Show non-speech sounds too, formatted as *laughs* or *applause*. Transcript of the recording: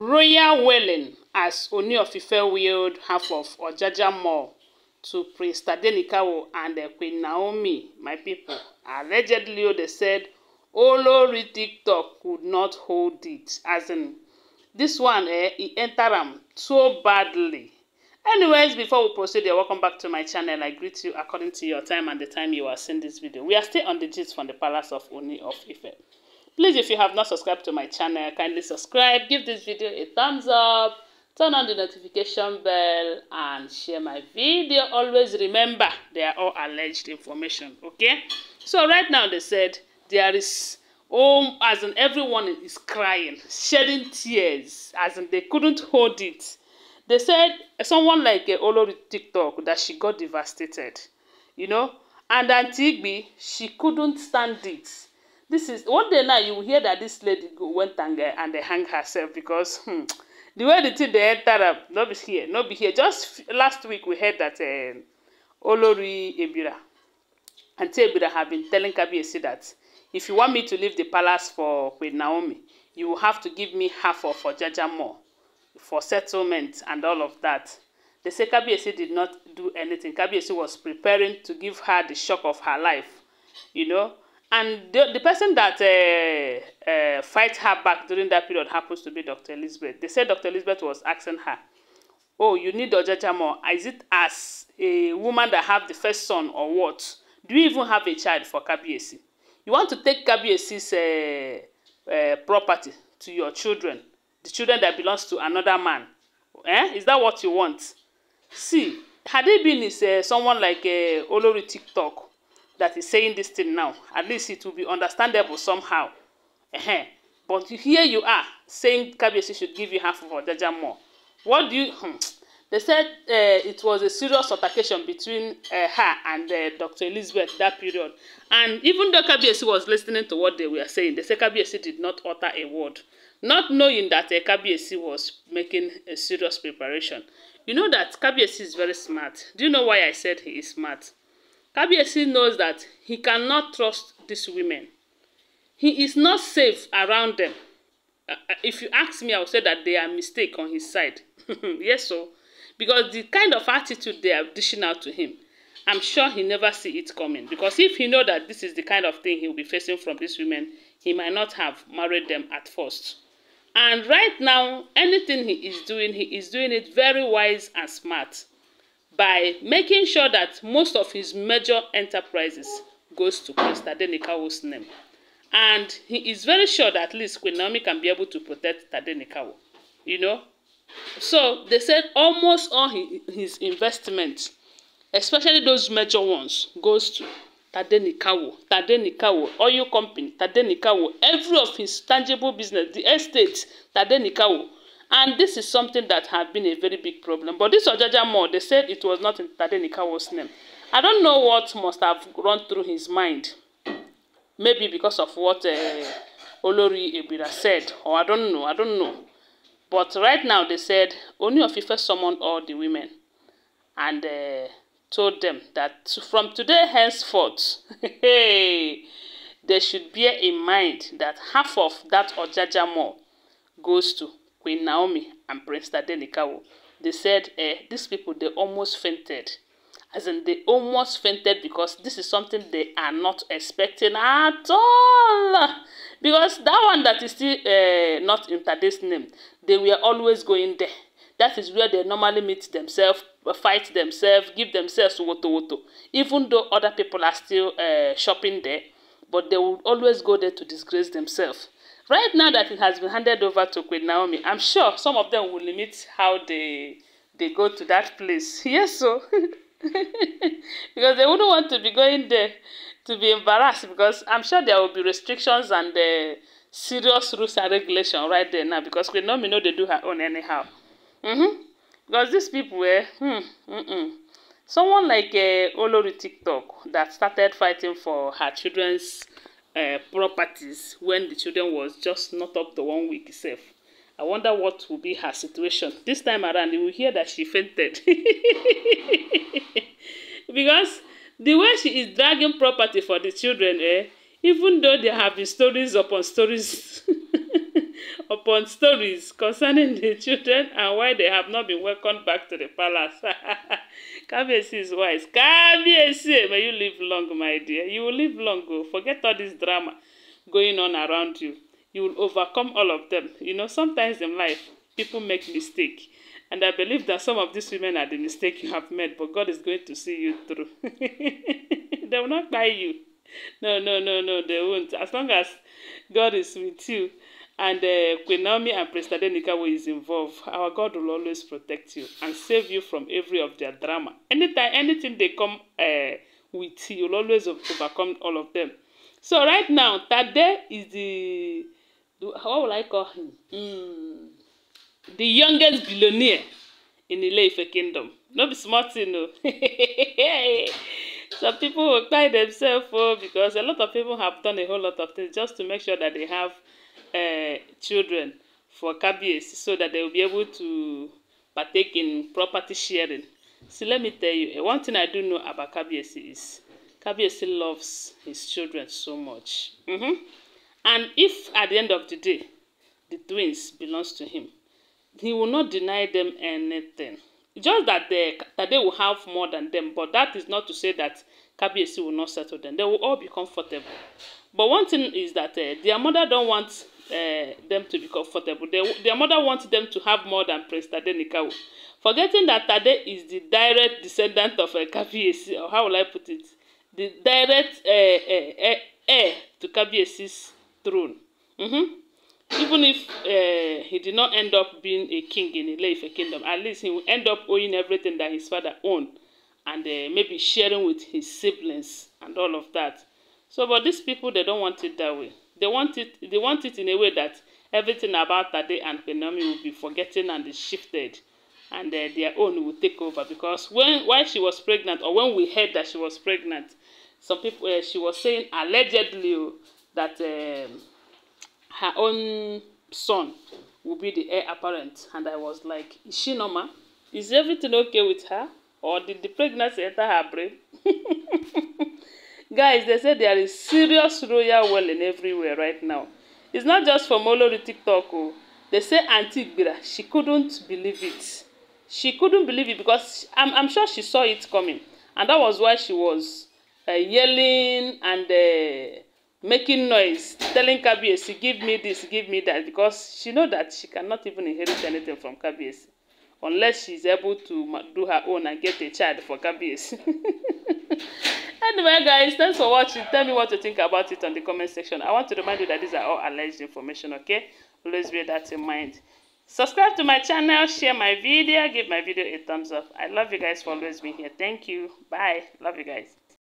Royal Welling as Oni of wield half of Ojaja Mall to Prince Tadenikawo and Queen Naomi, my people, allegedly they said Olori TikTok could not hold it. As in, this one, eh, he entered am so badly. Anyways, before we proceed, you're welcome back to my channel. I greet you according to your time and the time you are seeing this video. We are still on the gist from the palace of Oni of Ife. Please, if you have not subscribed to my channel, kindly subscribe, give this video a thumbs up, turn on the notification bell, and share my video. Always remember, they are all alleged information, okay? So right now they said there is, oh, as in everyone is crying, shedding tears, as in they couldn't hold it. They said someone like uh, Olori TikTok, that she got devastated, you know? And Auntie Igbi, she couldn't stand it this is one day now you hear that this lady go, went and, uh, and they uh, hang herself because hmm, the way the thing they entered up, no be here, no be here. Just last week we heard that uh, Olori Ebira, and Tebira have been telling Kabiesi that if you want me to leave the palace for with Naomi, you will have to give me half of for Jaja more for settlement and all of that. They say Kabiesi did not do anything. Kabiesi was preparing to give her the shock of her life, you know. And the, the person that uh, uh, fight her back during that period happens to be Dr. Elizabeth. They said Dr. Elizabeth was asking her, oh, you need Ojaja more. Is it as a woman that have the first son or what? Do you even have a child for Kabiesi? You want to take Kabiesi's uh, uh, property to your children, the children that belongs to another man. Eh? Is that what you want? See, had it been is, uh, someone like uh, Olori TikTok that is saying this thing now at least it will be understandable somehow uh-huh. but here you are saying KBC should give you half of Ojaja more what do you hmm, they said uh, it was a serious altercation between uh, her and uh, eh, Dr. Elizabeth that period and even though KBC was listening to what they were saying they said Kabiyesi did not utter a word not knowing that uh, Kabiyesi was making a serious preparation you know that KBC is very smart do you know why I said he is smart Kabiyesi knows that he cannot trust these women. He is not safe around them. Uh, uh, if you ask me, I would say that they are mistake on his side. *laughs* yes, so because the kind of attitude they are dishing out to him, I'm sure he never see it coming. Because if he know that this is the kind of thing he will be facing from these women, he might not have married them at first. And right now, anything he is doing, he is doing it very wise and smart by making sure that most of his major enterprises goes to Mr. Tadenikawo's name. And he is very sure that at least Queen Naomi can be able to protect Tadenikawo. You know? So they said almost all his investments, especially those major ones, goes to Tadenikawo, Tadenikawo, oil company, Tadenikawo, every of his tangible business, the estate, Tadenikawo, And this is something that had been a very big problem. But this Ojaja Moore, they said it was not in Tade Nikawo's name. I don't know what must have run through his mind. Maybe because of what uh, Olori Ebira said, or I don't know, I don't know. But right now they said Ooni of Ife summoned all the women and uh, told them that from today henceforth, *laughs* hey, they should bear in mind that half of that Ojaja Moore goes to Queen Naomi and Prince Tadele Kawo, they said "Eh, these people, they almost fainted. As in, they almost fainted because this is something they are not expecting at all. Because that one that is still uh, not in Tade's name, they were always going there. That is where they normally meet themselves, fight themselves, give themselves woto woto. Even though other people are still uh, shopping there, but they would always go there to disgrace themselves. Right now that it has been handed over to Queen Naomi, I'm sure some of them will limit how they they go to that place. *laughs* Yes, so *laughs* because they wouldn't want to be going there to be embarrassed because I'm sure there will be restrictions and uh, serious rules and regulation right there now because Queen Naomi know they do her own anyhow. Mm-hmm. Because these people were, eh, hmm, mm-mm. Someone like uh, Olori TikTok that started fighting for her children's uh, properties when the children was just not up to one week itself. I wonder what will be her situation. This time around, you will hear that she fainted. *laughs* because the way she is dragging property for the children, eh, even though there have been stories upon stories *laughs* upon stories concerning the children and why they have not been welcomed back to the palace. *laughs* Kabiyesi is wise. Kabiyesi, may you live long, my dear. You will live long. Oh. Forget all this drama going on around you. You will overcome all of them. You know, sometimes in life, people make mistakes, And I believe that some of these women are the mistake you have made, but God is going to see you through. *laughs* they will not buy you. No, no, no, no, they won't. As long as God is with you, And uh, Queen Naomi and President Denikawa is involved. Our God will always protect you and save you from every of their drama. Anytime, anything they come uh, with, you'll always overcome all of them. So right now, Tade is the, the how will I call him? Mm, the youngest billionaire in the ife Kingdom. No be small thing, no. *laughs* Some people will cry themselves oh, because a lot of people have done a whole lot of things just to make sure that they have uh, children for KBS so that they will be able to partake in property sharing. So let me tell you, one thing I do know about KBS is KBS loves his children so much. Mm-hmm. And if at the end of the day, the twins belongs to him, he will not deny them anything. Just that they, that they will have more than them, but that is not to say that KBSC will not settle them. They will all be comfortable. But one thing is that uh, their mother don't want uh, them to be comfortable. They, their mother wants them to have more than Prince Tade Nikawo. Forgetting that Tade is the direct descendant of uh, eh, Kabiesi, or how will I put it? The direct uh, uh, uh, heir to Kabiesi's throne. Mm-hmm. Even if uh, he did not end up being a king in Ile-Ife kingdom, at least he will end up owning everything that his father owned and uh, maybe sharing with his siblings and all of that. So, but these people, they don't want it that way. They want it they want it in a way that everything about Tade and Penomi will be forgotten and is shifted and uh, their own will take over because when while she was pregnant or when we heard that she was pregnant some people uh, she was saying allegedly oh, that um, her own son will be the heir apparent and i was like is she normal is everything okay with her or did the pregnancy enter her brain *laughs* Guys, they say there is serious royal wedding everywhere right now. It's not just for Molori TikTok. Oh. They say Auntie Gbira, she couldn't believe it. She couldn't believe it because I'm, I'm sure she saw it coming. And that was why she was uh, yelling and uh, making noise, telling Kabiesi, give me this, give me that, because she know that she cannot even inherit anything from Kabiesi unless she's able to do her own and get a child for KBS. *laughs* anyway, guys, thanks for watching. Tell me what you think about it on the comment section. I want to remind you that these are all alleged information, okay? Always bear that in mind. Subscribe to my channel, share my video, give my video a thumbs up. I love you guys for always being here. Thank you. Bye. Love you guys.